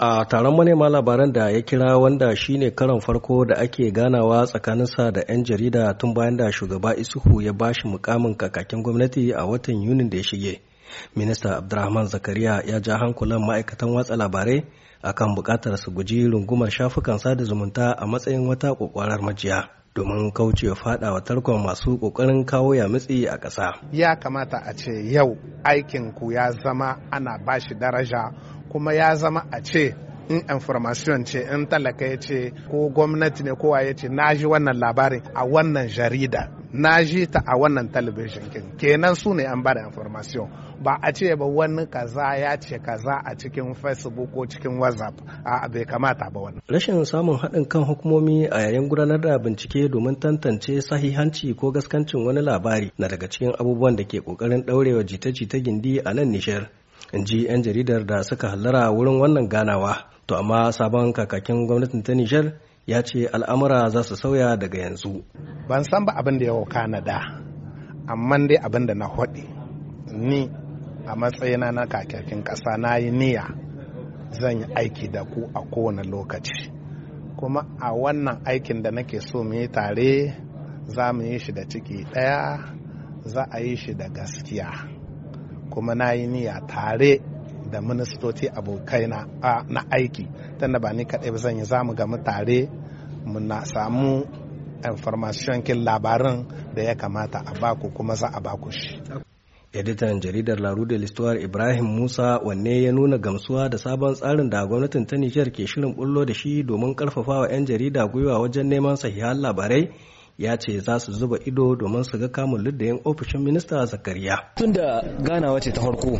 a taron manema labaran da ya kira wanda shine karon farko da ake ganawa tsakaninsa da 'yan jarida tun bayan da shugaba isuhu ya bashi mukamin kakakin gwamnati a watan yunin da ya shige minista abdulrahman zakariya ya ja hankulan ma'aikatan watsa labarai akan bukatar su guji rungumar shafukan sada zumunta a matsayin wata kokwarar majiya domin kauce fada wa tarkon masu kokarin kawo ya matsi a ƙasa. Ya kamata a ce yau aikin ku ya zama ana bashi daraja kuma ya zama a ce in information ce in talaka ya ce ko gwamnati ne kowa ya ce na ji wannan labarin a wannan jarida na ji ta a wannan talabijin kin kenan su ne an bada information ba a ce ba wani kaza ya ce kaza a cikin facebook ko cikin whatsapp a bai kamata ba wannan rashin samun haɗin kan hukumomi a yayin gudanar da bincike domin tantance sahihanci ko gaskancin wani labari na daga cikin abubuwan da ke kokarin ɗaurewa jita-jita gindi a nan nishar in ji 'yan jaridar da suka hallara wurin wannan ganawa To amma sabon kakakin gwamnatin ta Nijar ya ce al'amura za su sauya daga yanzu. Ban san ba abin da ya wauka na da, amma dai abin da na hoɗe ni a matsayina na kakakin ƙasa na yi niyya zan yi aiki da ku a kowane lokaci. Kuma a wannan aikin da nake so mu yi tare za mu yi shi da ciki ɗaya za a yi shi da gaskiya. Kuma na yi niyya tare da ministoci abokai na aiki tunda ba ni kaɗai ba zan yi za zamu gamu tare mu na samu information kin labarin da ya kamata a baku kuma za a baku shi editan jaridar laru da listowar ibrahim musa wanne ya nuna gamsuwa da sabon tsarin da gwamnatin ta nijar ke shirin bullo da shi domin karfafawa 'yan jarida gwiwa wajen neman sahihan labarai ya ce za su zuba ido domin su ga kamun luddayin ofishin minista zakariya tun da ganawa ce ta farko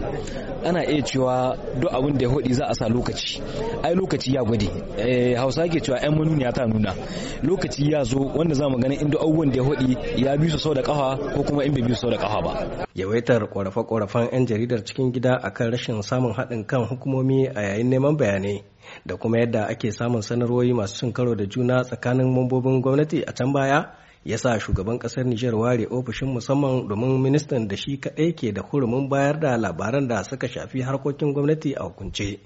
ana iya cewa duk abin da ya hudi za a sa lokaci ai lokaci ya gwade eh, hausa ke cewa yan ya ta nuna lokaci ya zo wanda za mu gani inda abubuwan da ya hudi ya bi su sau da kafa ko kuma in bai bi su sau da kafa ba yawaitar korafe-korafen yan jaridar cikin gida akan rashin samun haɗin kan hukumomi a yayin neman bayanai da kuma yadda ake samun sanarwoyi masu cin karo da juna tsakanin mambobin gwamnati a can baya ya sa shugaban kasar Nijar ware ofishin musamman domin ministan da shi kaɗai ke da hurumin bayar da labaran da suka shafi harkokin gwamnati a hukunce.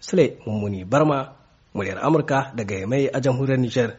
Sule Mummuni Barma, muryar Amurka daga Yamai a jamhuriyar Nijar.